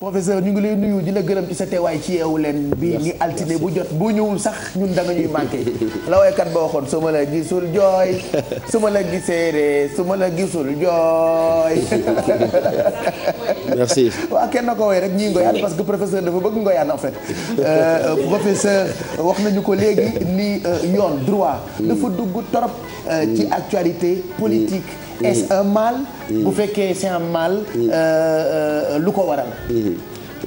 professeur ñu ngi lay nuyu di la gërëm ci sa teewaay ci yeewu leen bi ni altine bu jot boo ñëwul sax ñun da ñuy manqué la waykat ba waxoon su ma la gisul jooy su ma la giseeree su ma la gisul jooy merci waaw kenn ko way rek ñii ngoyaan parce que professeur dafa bëgg ngoyaan en fait euh, euh, professeur wax nañu ko léegi ni euh, yoon droit dafa dugg torop ci actualité politique est-ce mm-hmm. un mal bu mm-hmm. fekkee c'est un mal mm-hmm. euh, euh, lu ko waral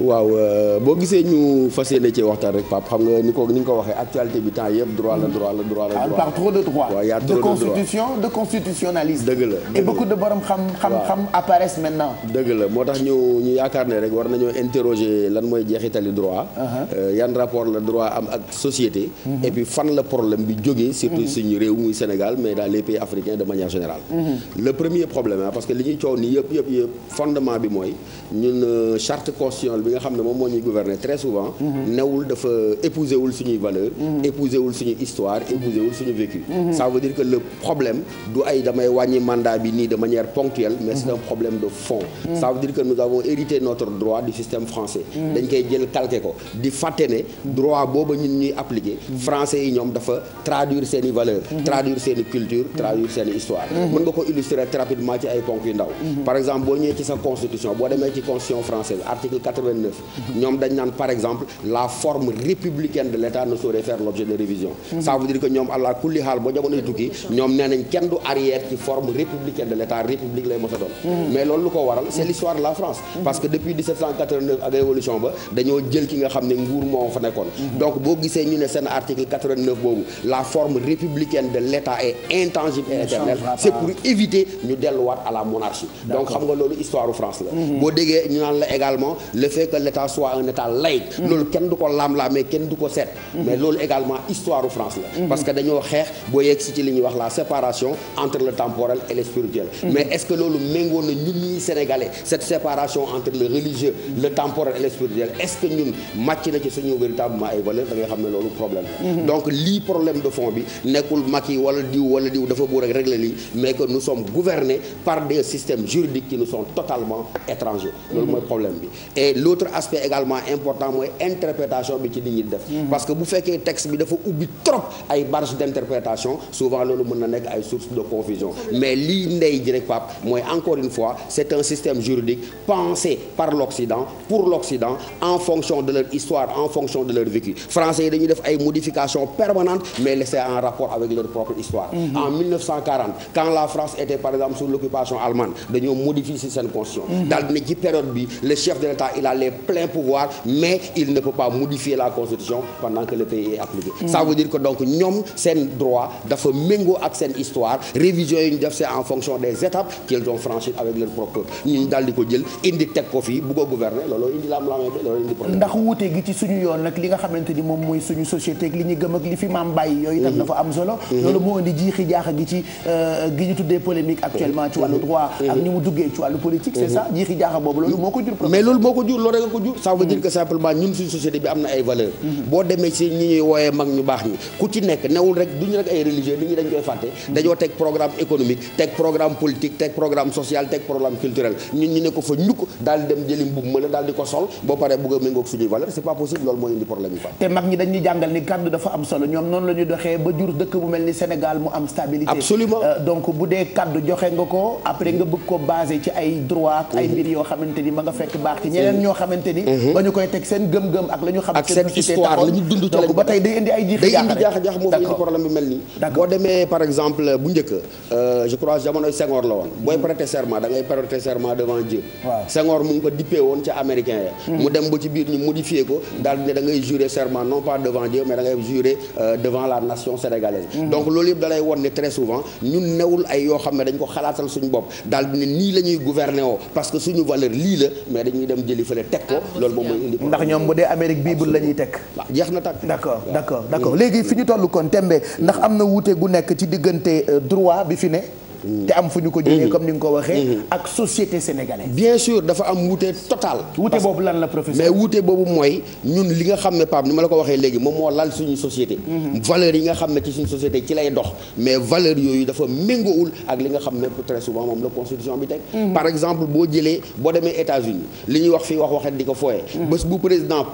waaw euh, boo gisee ñu fas yéene cee waxtaan rek Pape xam nga ni ko ni nga ko waxee actualité bi temps yëpp droit la droit la droit la. droit waaw a trop de droit de constitution de constitutionnalisme. dëgg la et beaucoup de borom xam xam xam apparaissent maintenant. dëgg la moo tax ñu ñu yaakaar ne rek war nañoo interroger lan mooy jeexitali droit. Uh-huh. Euh, yan rapport la droit am ak société. Mm-hmm. et puis fan la problème bi jógee. surtout mm-hmm. suñu réew muy Sénégal mais dans les pays africains de manière bi nga xam ne moom moo ñuy gouverner très souvent newul dafa épouser wul suñuy valeur épouser wul suñu histoire épouser wul suñu vécu ça veut dire que le problème du ay damay wàññi mandat bi nii de manière ponctuelle mais c'est un problème de fond ça veut dire que nous avons hérité notre droit du système français dañ koy jël calqué ko di fàtte ne droit booba ñun ñuy appliqué français yi ñoom dafa traduire seeni valeur traduire seeni culture traduire 89. la forme républicaine de l' état ne saurait faire de révision. ça veut dire que ñoom allah kulli xaal ba jamonoy tukki ñoom nee kenn du arrière ci forme républicaine de l' république lay mos doon. mais loolu lu ko waral c' l'histoire de la France. parce que depuis ak révolution ba dañoo jël ki nga xam ne nguur moo fa nekkoon. donc boo gisee ñu ne seen article boobu la forme républicaine de l' état est intangible et éternelle. voulez que l' hmm. loolu kenn du ko laam-laamee kenn du ko seet. Hmm. mais loolu également histoire u France la. Hmm. parce que dañoo xeex boo yegg si ci li wax la séparation entre le temporel et le spirituel. mais est ce que loolu méngoo na ñun ñii sénégalais cette séparation entre le religieux. le temporel et le spirituel est ce que ñun màcc na ci suñu véritablement ay valeurs xam ne loolu problème donc lii problème de fond bi nekkul Macky wala diw wala diw autre aspect également important mooy interprétation bi ci li def. Mhm. parce que bu fekkee texte bi dafa ubbi trop ay marge d' souvent loolu mën na nekk ay source de confusion mais lii ndey ji rek mooy encore une fois c' un système juridique pensé par l' pour l' en fonction de leur histoire en fonction de leur vécu français yi dañuy def ay modifications permanentes mais laissé en rapport avec leur propre les pleins pouvoirs mais il ne peut pas modifier la constitution pendant que le pays est appliqué mmh. veut dire que donc ñoom seen droit dafa méngoo ak seen histoire révision yi ñu def c'est en fonction des étapes qu'ils ont franchi avec leur propre ñun daal ko jël indi teg ko fii bu gouverner mm-hmm. mm-hmm. loolu moo indi jiixi jaaxa gi ci euh, gi ñu tuddee polémique actuellement ci mm-hmm. wàllu droit ak ñu mu duggee ci wàllu politique c'est ça jiixi jaaxa boobu loolu moo ko jur loolu rek nga ko jur ça veut dire que mm-hmm. simplement ñun suñu société bi am na ay valeur mm-hmm. boo demee si ñi ñuy wooyee mag ñu baax ñi ku ci nekk newul rek duñu rek ay religieux nit ñi dañ koy fàtte mm-hmm. dañoo teg programme économique teg programme politique teg programme social teg programme culturel ñun ñu ne ko fa ñukk daal dem jëli mbubb ma la daal di ko sol boo paree bëgg a ni kàddu Sénégal mu am stabilité euh, donc bu dee kàddu joxe nga ko après nga bëgg ko basé ñoo xamante ni mhm. ba ñu koy teg seen gëm-gëm ak la xam seen histoire la dund ci ba tey day indi ay jiix jaaxa jaax moo fi indi problème bi mel nii boo demee par exemple bu njëkk euh, je crois la woon booy mhm. prêter serment da ngay prêter serment devant Dieu Senghor mu ngi ko dippee woon ca mhm. dem ba ci biir ñu modifié ko daal ne da ngay jurer non pas devant Dieu mais da ngay euh, devant la nation sénégalaise donc loolu yëpp da lay won très souvent ñun newul ay yoo xam ne dañ ko xalaatal suñu teg ko loolu moom mooy ndax ñoom bu dee Amérique bible la ñuy teg waaw jeex na tàkk d'accord d'accord d'accord léegi fi ñu toll kon tembe ndax am na wuute bu nekk ci diggante euh, droit bi fi ne te am fu ñu ko jëlee mmh. comme ni nga ko waxee mmh. ak société sénégalaise bien sûr dafa am wuute total wuute boobu lan la professeur mais wuute boobu mooy ñun li nga xam ne Pape ni ma la ko waxee léegi moom moo lal suñu société mmh. valeurs yi nga xam ne ci suñu société ci lay dox mais valeurs yooyu dafa méngoowul ak li nga xam ne très souvent moom la constitution bi teg par exemple boo jëlee boo demee États-Unis li ñuy wax fii wax waxet di ko fooyee bu président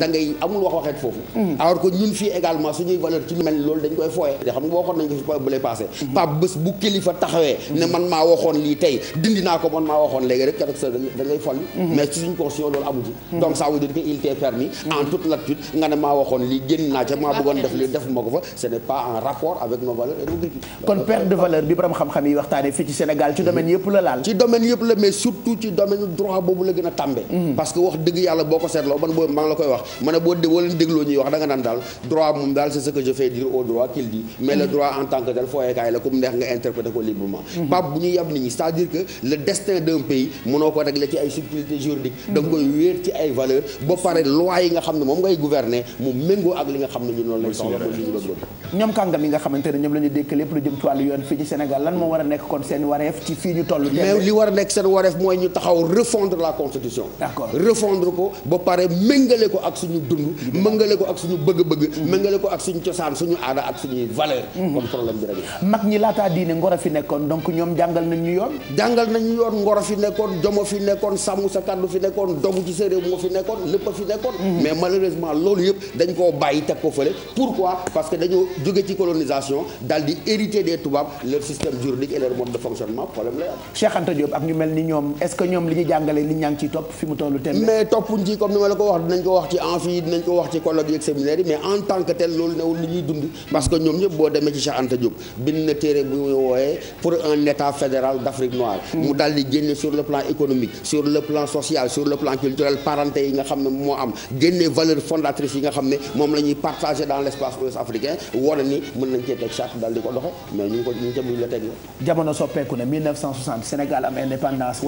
da ngay amul wax waxeet foofu mhm. alors que ñun fii également suñuy valeur ci lu mel loolu dañ koy fooye xam nga waxoon nañ ko fi bële passé mhm. Pape bés bu kilifa taxawee mhm. ne man maa waxoon lii tey dindi naa ko man maa waxoon léegi rek keroog sa da ngay folli mais ci suñ constitution loolu amu ci donc ça veut dire que il t'est permis en toute latitude nga ne maa waxoon lii génn naa ca maa bëggoon def lii def ma ko fa ce n'est pas en rapport avec nos valeurs et nos vécu kon perte de valeur bi borom xam-xam yi waxtaane fii ci Sénégal ci domaine yëpp la laal ci domaine yëpp la mais surtout ci domaine droit boobu la gën a tàmbe parce que wax dëgg yàlla boo ko seetloo man boobu maa ngi la koy wax ma ne boo dé boo leen dégloo ñuy wax da naan daal droit moom daal c'est ce que je fais dire au droit qu'il dit mais le droit en tant que tel fooyekaay la comme neex nga interpréter ko librement mhm. mhm. ba pare loi yi nga xam ne moom ngay gouverner mu méngoo ak li nga xam ne ñu noonu lañ soxla ko li ñu la bëgg ñu Sénégal lan moo war a nekk kon seen wareef ci fii ñu toll mais li war a nekk seen wareef mooy ñu taxaw refondre la constitution refondre mëngale ko ak suñu bëgg-bëgg mëngale ko ak suñu cosaan suñu aada ak suñuy valeur comme mhm. problème bi rek mag ñi laataa diine ngoro fi nekkoon donc ñoom jàngal nañ ñu yoon jàngal nañ ñu yoon ngoro fi nekkoon jomo fi nekkoon sàmm sa kàddu fi nekkoon dogu ci sa moo fi nekkoon lépp a fi nekkoon mhm. mais malheureusement loolu yëpp dañ koo bàyyi teg ko fële pourquoi parce que dañoo jóge ci colonisation daal di hériter des tubaab leur système juridique et leur mode de fonctionnement dinañ mais en tant que tel loolu newul li ñuy dund parce que ñoom ñëpp boo demee ci Cheikh Anta bind na téere bu wooyee pour un état fédéral d'Afrique noire mm. mu daal génne sur le plan économique sur le plan social sur le plan culturel parenté yi nga xam ne moo am génne valeur fondatrice yi nga xam ne moom la ñuy dans l'espace ouest africain wane ni mën nañ cee teg charte daal ko doxe mais ñu ko ñu ngi ca la teg la soppeeku na Sénégal am indépendance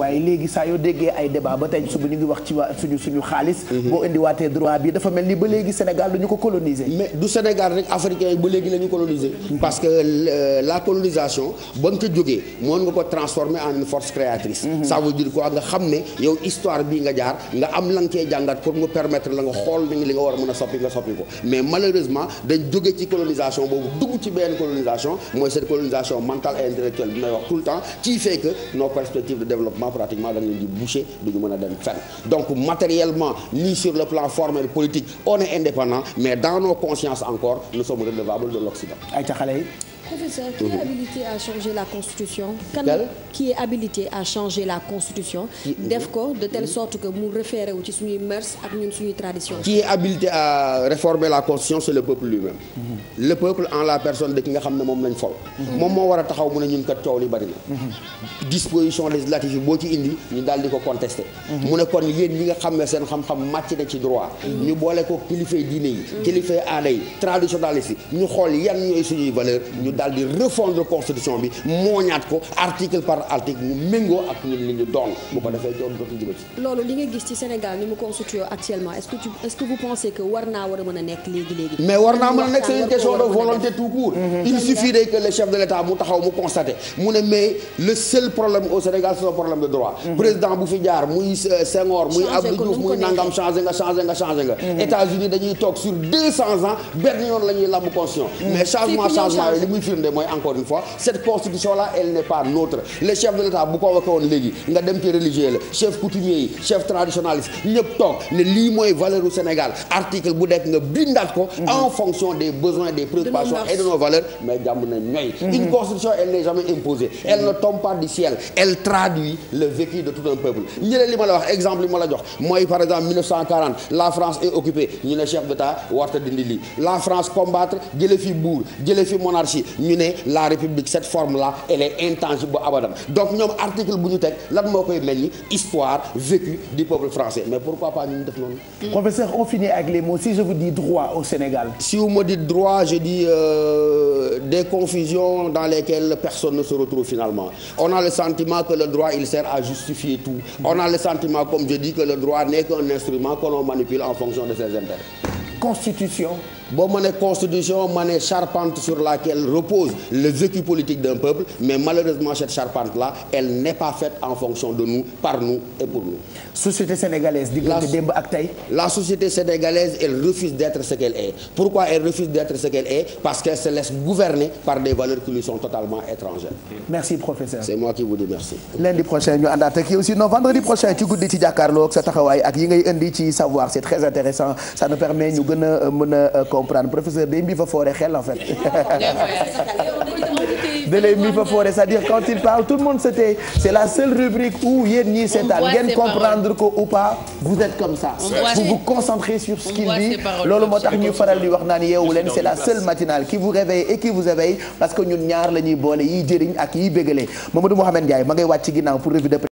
mel ni ba léegi Sénégal dañu ko coloniser. mais du Sénégal rek africain yi ba léegi la ñu coloniser. Mm. parce que euh, la colonisation ba nga ko jógee mën nga ko transformer en force créatrice. Mm-hmm. ça veut dire quoi nga xam ne yow histoire bii nga jaar nga am la nga cee jàngat pour mu permettre la nga xool ni li nga war a mën a soppi nga soppi ko mais malheureusement dañ jóge ci colonisation boobu dugg ci benn colonisation mooy cette colonisation mentale et intellectuelle on mais dans nos consciences encore nous sommes relevables de l'Occident ay ca xale yi professeur qui est habilité à changer la constitution. kan qui à changer la constitution. def ko de telle sorte que mu référé wu ci suñuy mœurs ak ñun suñuy tradition. qui est habilité à réformer la constitution c'est le peuple lui-même. Mhm. le peuple en la personne de ki nga xam ne moom lañ fol. Mhm. moom moo war a taxaw mu ne ñun kat coow li bari na. Mhm. disposition législative boo ci indi ñu daal di ko contester. mu ne kon yéen ñi nga xam ne seen xam-xam màcc na ci droit. ñu boole ko kilifay diine yi. kilifay aada yi daal di refondre constitution bi mooñaat ko article par article mu méngoo ak ñun li ñu doon bu ko defee doon dootu jubal ci loolu li nga gis ci Sénégal ni mu constitué actuellement est-ce que vous pensez que war naa war a mën a nekk léegi léegi mais war naa mën a nekk c'est une question de volonté tout court mm-hmm. il suffirait que le chef de l'État mu taxaw mu constaté mu ne mais le seul problème au Sénégal c'est problème de droit mm-hmm. président bu fi jaar muy euh, Senghor firnde mooy encore une fois cette constitution là elle n'est pas nôtre le chef de l'état bu convoqué léegi nga dem ci religieux la chef coutumier yi chef traditionnaliste ne lii mooy valeur u Sénégal article bu nekk nga bindaat ko mhm. en fonction des besoins des préoccupations et de nos valeurs mais jàmm na ñooy mhm. une constitution elle n'est jamais imposée elle mhm. ne tombe pas du ciel elle traduit le vécu de tout un peuple ñu ne li ma la wax exemple li ma ñu ne la république cette forme là elle est intangible bu abadam donc ñoom article bu ñu teg lan moo koy mel ni histoire vécu du peuple français mais pourquoi pas ñu def noonu. professeur on finit avec les mots si je vous dis droit au Sénégal. si vous me dites droit je dis euh, des confusions dans lesquelles personne ne se retrouve finalement on a le sentiment que le que le droit n'est qu'un instrument que l'on manipule en fonction de ses intérêts. constitution. boo ma ne constitution ma ne charpente sur laquelle repose le vécu politique d'un peuple mais malheureusement cette charpente là elle n'est pas faite en fonction de nous par nous et pour nous. société sénégalaise diggante démb ak tey. la société sénégalaise elle refuse d'être ce qu'elle est pourquoi elle refuse d'être ce qu'elle est parce qu'elle se laisse gouverner par des valeurs qui lui sont totalement étrangères. c'est moi qui vous comprendre professeur day mbi fa foore xel en fait da lay mbi fa foore c'est-à-dire quand il parle tout le monde se c'est la seule rubrique où yéen ñii seetaan ngeen comprendre ko pas vous êtes comme ça vous vous concentrez sur ce qu'il dit loolu moo tax ñuy faral di wax naan yeewu c'est la seule matinale qui vous réveille et qui vous éveille parce que ñun ñaar la ñuy boole yiy jëriñ ak yiy bégalee Mamadou Mouhamed Ndiaye ma ngay wàcc pour revue